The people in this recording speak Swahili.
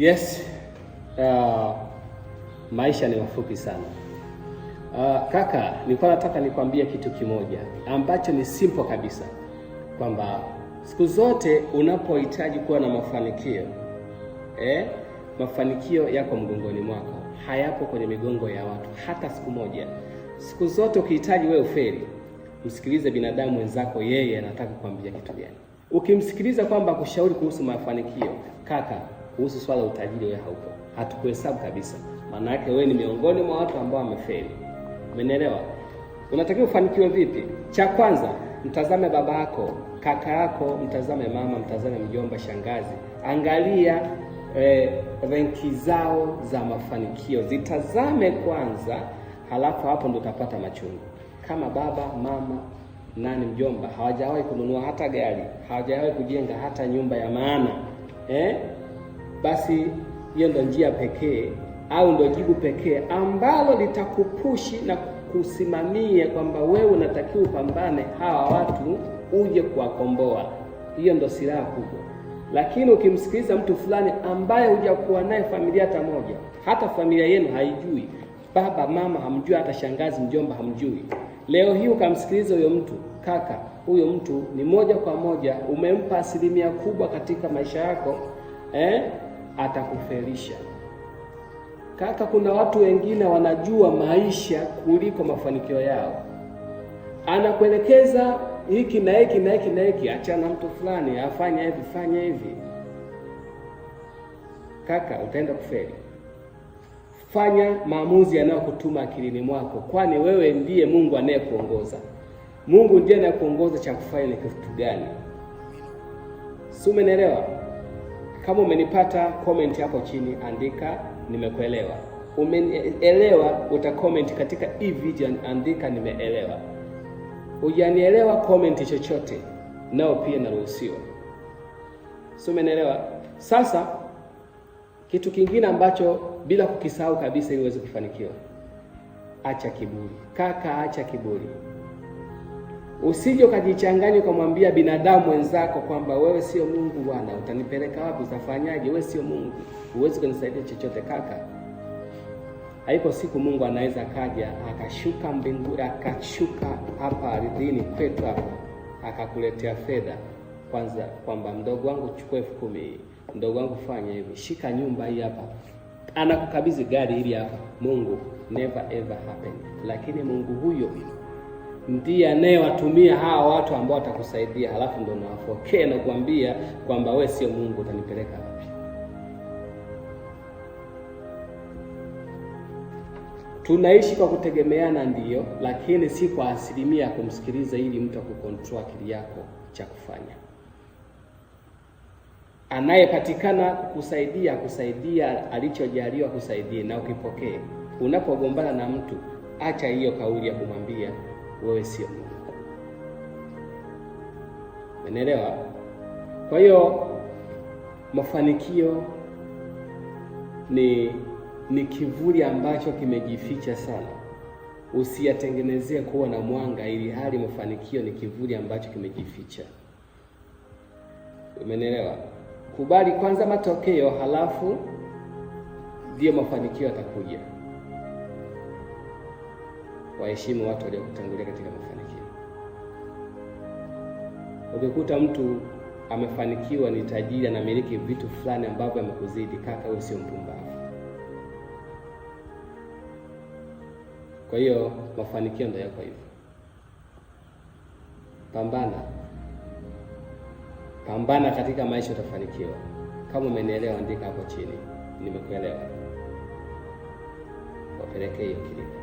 Yes, uh, maisha ni mafupi sana. Uh, kaka, nilikuwa nataka nikwambie kitu kimoja ambacho ni simple kabisa kwamba siku zote unapohitaji kuwa na mafanikio eh, mafanikio yako mgongoni mwako, hayapo kwenye migongo ya watu hata siku moja. Siku zote ukihitaji wewe ufeli, msikilize binadamu wenzako, yeye anataka kukwambia kitu gani. Ukimsikiliza kwamba kushauri kuhusu mafanikio, kaka kuhusu swala utajiri, wewe haupo, hatukuhesabu kabisa. Maana yake wewe ni miongoni mwa watu ambao wamefeli. Umenielewa? Unatakiwa ufanikiwe vipi? Cha kwanza, mtazame baba yako, kaka yako, mtazame mama, mtazame mjomba, shangazi, angalia eh, renki zao za mafanikio, zitazame kwanza, halafu hapo ndo utapata machungu. Kama baba mama nani mjomba hawajawahi kununua hata gari, hawajawahi kujenga hata nyumba ya maana eh? basi hiyo ndo njia pekee au ndo jibu pekee ambalo litakupushi na kusimamia kwamba wewe unatakiwa upambane hawa watu uje kuwakomboa. Hiyo ndo silaha kubwa. Lakini ukimsikiliza mtu fulani ambaye hujakuwa naye familia hata moja, hata familia yenu haijui, baba mama hamjui, hata shangazi mjomba hamjui, leo hii ukamsikiliza huyo mtu kaka, huyo mtu ni moja kwa moja umempa asilimia kubwa katika maisha yako eh? atakufelisha. Kaka, kuna watu wengine wanajua maisha kuliko mafanikio yao, anakuelekeza hiki na hiki na hiki na hiki, achana mtu fulani, afanye hivi, fanye hivi. Kaka, utaenda kufeli. Fanya maamuzi yanayokutuma akilini mwako, kwani wewe ndiye Mungu anayekuongoza. Mungu ndiye anayekuongoza cha kufanya ni kitu gani. Si umenielewa? Kama umenipata, comment hapo chini, andika nimekuelewa. Umenielewa, uta comment katika hii video, andika nimeelewa. Hujanielewa, comment chochote, nao pia naruhusiwa. Si umenielewa? Sasa kitu kingine ambacho bila kukisahau kabisa, ili uweze kufanikiwa, acha kiburi kaka, acha kiburi. Usije ukajichanganya ukamwambia binadamu wenzako kwamba wewe sio Mungu bwana, utanipeleka wapi? Utafanyaje? Wewe sio Mungu, huwezi kunisaidia chochote kaka. Haiko siku Mungu anaweza kaja akashuka mbinguni akashuka hapa ardhini kwetu hapa akakuletea fedha kwanza, kwamba mdogo wangu chukua elfu kumi, mdogo wangu fanya hivi, shika nyumba hii hapa, anakukabidhi gari hili hapa. Mungu, never ever happen. Lakini Mungu huyo ndiye anayewatumia hawa watu ambao watakusaidia, halafu ndo nawafokee na kuambia kwamba we sio Mungu, utanipeleka wapi? Tunaishi kwa kutegemeana, ndiyo, lakini si kwa asilimia ya kumsikiliza, ili mtu akukontrol akili yako cha kufanya. Anayepatikana kusaidia kusaidia alichojaliwa kusaidia na ukipokee. Unapogombana na mtu, acha hiyo kauli ya kumwambia wewe sio Mungu. Unaelewa? Kwa hiyo mafanikio ni ni kivuli ambacho kimejificha sana, usiyatengenezee kuwa na mwanga, ili hali mafanikio ni kivuli ambacho kimejificha. Umenielewa? Kubali kwanza matokeo, halafu ndiyo mafanikio yatakuja waheshimu watu waliokutangulia katika mafanikio. Ukikuta mtu amefanikiwa, ni tajiri, anamiliki vitu fulani ambavyo amekuzidi, kaka, huyo sio mpumbavu. Kwa hiyo mafanikio ndio yako hivyo. Pambana, pambana katika maisha, utafanikiwa. Kama umenielewa, andika hapo chini, nimekuelewa, wapelekee hiyo kilipo.